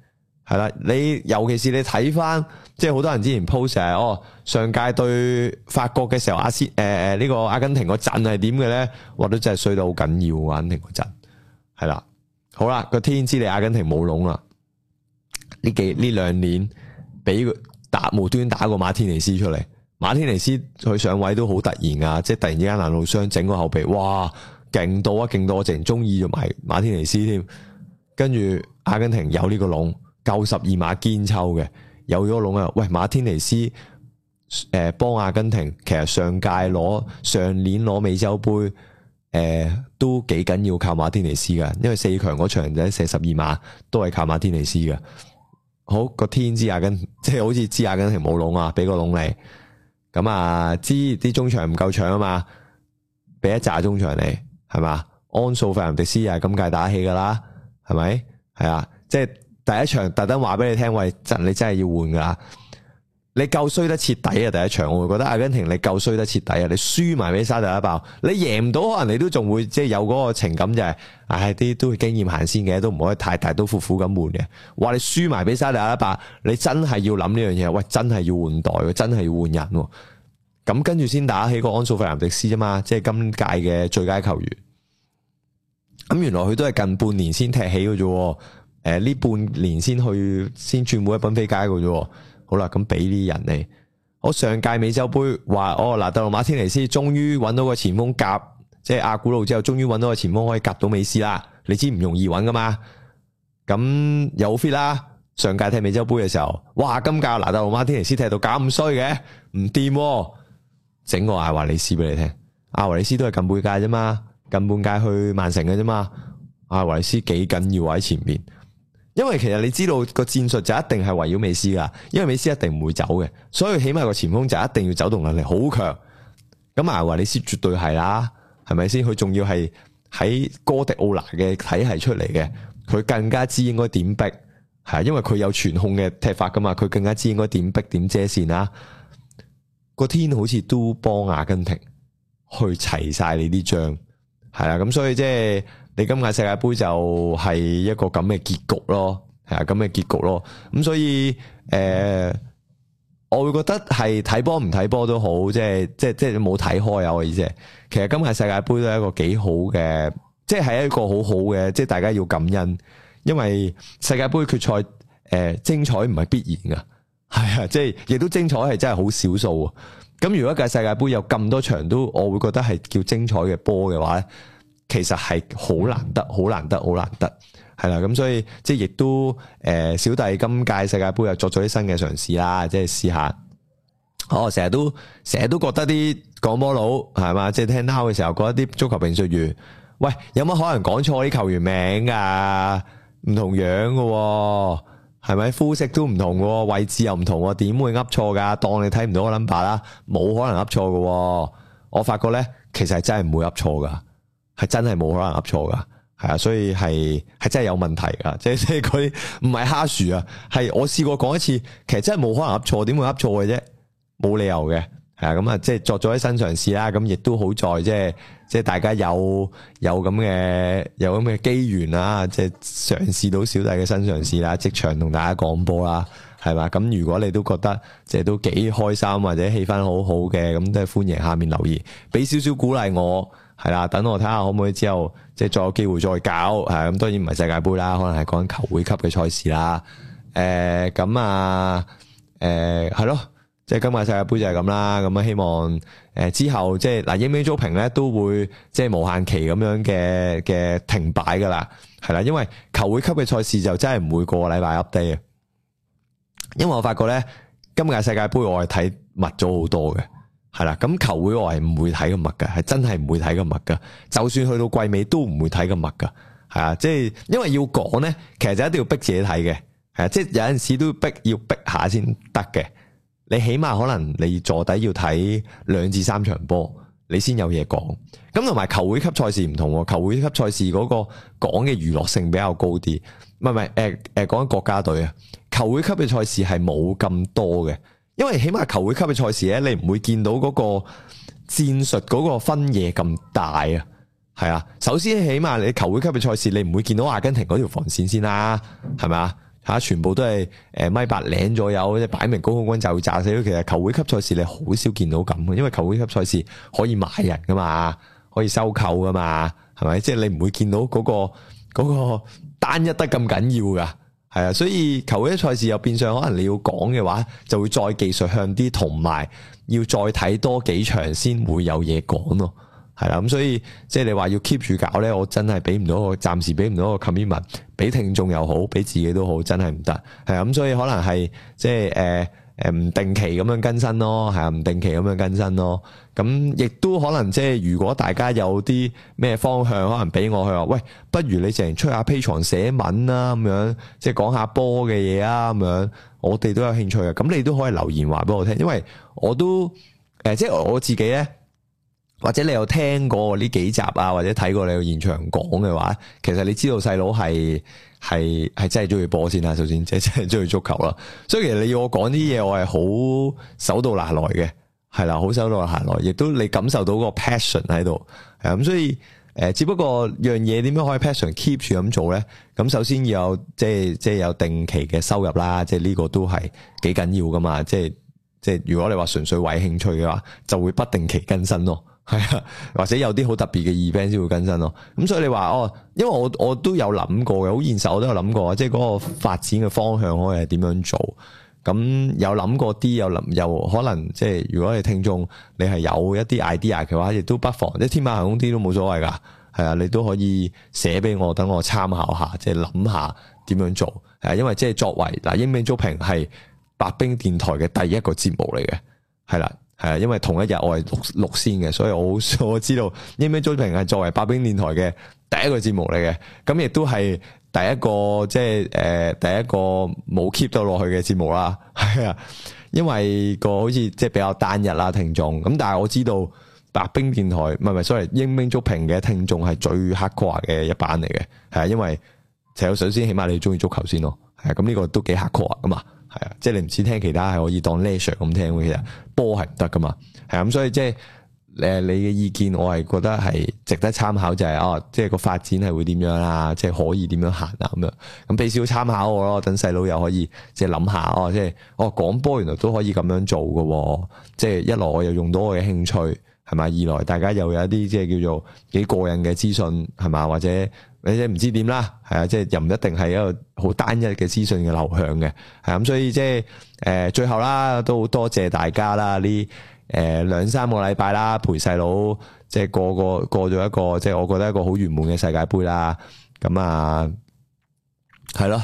係啦，你尤其是你睇翻，即係好多人之前 post 係哦，上屆對法國嘅時候，阿斯誒誒呢個阿根廷個陣係點嘅咧？哇，都真係衰到好緊要！阿根廷個陣係啦，好啦，個天知你阿根廷冇窿啦，呢幾呢兩年俾佢打無端打個馬天尼斯出嚟，馬天尼斯佢上位都好突然啊！即係突然之間難路傷，整個後備，哇，勁到啊勁到，到我淨中意咗埋馬天尼斯添，跟住阿根廷有呢個窿。夠十二碼堅抽嘅，有咗個龍啊！喂，馬天尼斯，誒、呃，幫阿根廷，其實上屆攞上年攞美洲盃，誒、呃，都幾緊要靠馬天尼斯噶，因為四強嗰場就喺射十二碼，都係靠馬天尼斯噶好個天好知阿根廷，即係好似知阿根廷冇龍啊，俾個龍你，咁啊，知啲中場唔夠搶啊嘛，俾一紮中場嚟，係嘛？安素費林迪斯又係今屆打起噶啦，係咪？係啊，即係。第一場特登話俾你聽，喂，陣你真係要換噶，你夠衰得徹底啊！第一場我會覺得阿根廷你夠衰得徹底啊！你輸埋俾沙地阿拉伯，你贏唔到，可能你都仲會即係有嗰個情感就係、是，唉、哎，啲都係經驗行先嘅，都唔可以太大刀闊斧咁換嘅。話你輸埋俾沙地阿拉伯，你真係要諗呢樣嘢，喂，真係要換代，真係要換人。咁跟住先打起個安素費南迪斯啫嘛，即係今屆嘅最佳球員。咁原來佢都係近半年先踢起嘅啫。誒，呢、呃、半年先去先轉會一品飛街嘅啫，好啦，咁俾啲人嚟。我上屆美洲杯話，哦，拿特羅馬天尼斯終於揾到個前鋒夾，即係阿古路之後，終於揾到個前鋒可以夾到美斯啦。你知唔容易揾噶嘛？咁、嗯、有 fit 啦。上屆踢美洲杯嘅時候，哇，今屆拿特羅馬天尼斯踢到咁衰嘅，唔掂、啊。整個阿華利斯俾你聽，阿華利斯都係近半屆啫嘛，近半屆去曼城嘅啫嘛，阿華利斯幾緊要喺前面。因為其實你知道個戰術就一定係圍繞美斯噶因為美斯一定唔會走嘅，所以起碼個前鋒就一定要走動能力好強。咁啊，華尼斯絕對係啦，係咪先？佢仲要係喺哥迪奧拿嘅體系出嚟嘅，佢更加知應該點逼，係因為佢有全控嘅踢法噶嘛，佢更加知應該點逼點遮線啦、啊。個天好似都幫阿根廷去齊晒你啲仗，係啊，咁所以即係。你今屆世界盃就係一個咁嘅結局咯，係啊，咁嘅結局咯。咁所以誒、呃，我會覺得係睇波唔睇波都好，即係即係即係冇睇開啊，我嘅意思係，其實今屆世界盃都係一個幾好嘅，即係係一個好好嘅，即係大家要感恩，因為世界盃決賽誒、呃、精彩唔係必然噶，係啊，即係亦都精彩係真係好少數。咁如果一屆世界盃有咁多場都我會覺得係叫精彩嘅波嘅話咧。其實係好難得，好難得，好難得，係啦。咁所以即係亦都誒、呃，小弟今屆世界杯又作咗啲新嘅嘗試啦，即係試下。我成日都成日都覺得啲講波佬係嘛，即係聽 out 嘅時候，覺得啲足球評述員，喂，有乜可能講錯啲球員名噶？唔同樣噶、喎，係咪膚色都唔同、喎，位置又唔同，點會噏錯噶？當你睇唔到個 number 啦，冇可能噏錯噶。我發覺呢，其實真係唔會噏錯噶。係真係冇可能噏錯噶，係啊，所以係係真係有問題㗎！即係佢唔係蝦薯啊，係我試過講一次，其實真係冇可能噏錯，點會噏錯嘅啫？冇理由嘅，係啊！咁啊，即係作咗啲新嘗試啦，咁亦都好在，即係即係大家有有咁嘅有咁嘅機緣啦，即係嘗試到小弟嘅新嘗試啦，即場同大家講波啦，係嘛？咁如果你都覺得即係都幾開心或者氣氛好好嘅，咁都係歡迎下面留言，俾少少鼓勵我。係啦，等 (music) 我睇下可唔可以之後，即係再有機會再搞，係咁，當然唔係世界杯啦，可能係講緊球會級嘅賽事啦。誒、呃，咁啊，誒、呃，係咯，即係今屆世界杯就係咁啦。咁啊，希望誒之後即係嗱，鷹兵足評咧都會即係無限期咁樣嘅嘅停擺噶啦，係啦，因為球會級嘅賽事就真係唔會過個禮拜 update 嘅。因為我發覺咧，今屆世界杯我係睇密咗好多嘅。係啦，咁球會我係唔會睇咁密噶，係真係唔會睇咁密噶。就算去到季尾都唔會睇咁密噶，係啊，即係因為要講呢，其實就一定要逼自己睇嘅，係啊，即係有陣時都要逼要逼下先得嘅。你起碼可能你坐底要睇兩至三場波，你先有嘢講。咁同埋球會級賽事唔同，球會級賽事嗰個講嘅娛樂性比較高啲。唔係唔係，誒誒，講緊、欸欸、國家隊啊，球會級嘅賽事係冇咁多嘅。因為起碼球會級嘅賽事咧，你唔會見到嗰個戰術嗰個分野咁大啊，係啊。首先起碼你球會級嘅賽事，你唔會見到阿根廷嗰條防線先啦，係咪啊？吓，全部都係誒米八零左右，即擺明高空軍就炸死。其實球會級賽事你好少見到咁嘅，因為球會級賽事可以買人噶嘛，可以收購噶嘛，係咪？即係你唔會見到嗰個嗰個單一得咁緊要噶。係啊， (noise) 所以球會啲賽事又變相，可能你要講嘅話，就會再技術向啲，同埋要再睇多幾場先會有嘢講咯，係啦，咁所以即係你話要 keep 住搞呢，我真係俾唔到個，暫時俾唔到個 commitment，俾聽眾又好，俾自己都好，真係唔得，係咁，所以可能係即係誒。就是誒，唔、呃、定期咁樣更新咯，係啊，唔定期咁樣更新咯。咁、嗯、亦都可能即係，如果大家有啲咩方向，可能俾我去話，喂，不如你成日吹下 Patreon 寫文啊，咁樣即係講下波嘅嘢啊，咁樣，我哋都有興趣嘅。咁你都可以留言話俾我聽，因為我都誒、呃，即係我自己咧。或者你有聽過呢幾集啊，或者睇過你個現場講嘅話，其實你知道細佬係係係真係中意波先啦、啊，首先即係、就是、真係中意足球啦。所以其實你要我講啲嘢，我係好手到拿來嘅，係啦，好手到拿來，亦都你感受到個 passion 喺度，係咁。所以誒、呃，只不過樣嘢點樣可以 passion keep 住咁做咧？咁首先要有即係即係有定期嘅收入啦，即係呢個都係幾緊要噶嘛。即係即係如果你話純粹為興趣嘅話，就會不定期更新咯。係啊， (laughs) 或者有啲好特別嘅 event 先會更新咯。咁所以你話哦，因為我我都有諗過嘅，好現實我都有諗過即係嗰個發展嘅方向我係點樣做？咁有諗過啲，有諗有可能即係，如果你聽眾，你係有一啲 idea 嘅話，亦都不妨，即係天馬行空啲都冇所謂噶。係啊，你都可以寫俾我，等我參考下，即係諗下點樣做。係啊，因為即係作為嗱，鷹兵足評係白兵電台嘅第一個節目嚟嘅，係啦。係啊，因為同一日我係錄錄先嘅，所以我好我知道鷹兵足評係作為白兵電台嘅第一個節目嚟嘅，咁亦都係第一個即係誒、呃、第一個冇 keep 到落去嘅節目啦。係啊，因為個好似即係比較單日啦聽眾，咁但係我知道白兵電台唔係係所謂鷹兵足評嘅聽眾係最 hardcore 嘅一班嚟嘅。係啊，因為有首先起碼你中意足球先咯。係啊，咁呢個都幾 hardcore 咁啊。即係你唔知聽其他，係可以當 lecture 咁聽嘅。其實波係唔得噶嘛，係啊，咁所以即係誒、呃，你嘅意見我係覺得係值得參考，就係、是、哦，即係個發展係會點樣啊？即係可以點樣行啊？咁樣咁，畀少少參考我咯，等細佬又可以即係諗下哦，即係哦，講波原來都可以咁樣做噶，即係一來我又用到我嘅興趣。係嘛？二來大家又有一啲即係叫做幾個人嘅資訊，係嘛？或者或者唔知點啦，係啊！即係又唔一定係一個好單一嘅資訊嘅流向嘅。係咁，所以即係誒，最後啦，都多謝大家啦！呢誒兩三個禮拜啦，陪細佬即係過個過咗一個，即係我覺得一個好圓滿嘅世界盃啦。咁啊，係咯，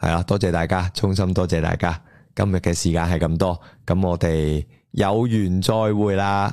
係啊！多謝大家，衷心多謝大家。今日嘅時間係咁多，咁我哋有緣再會啦。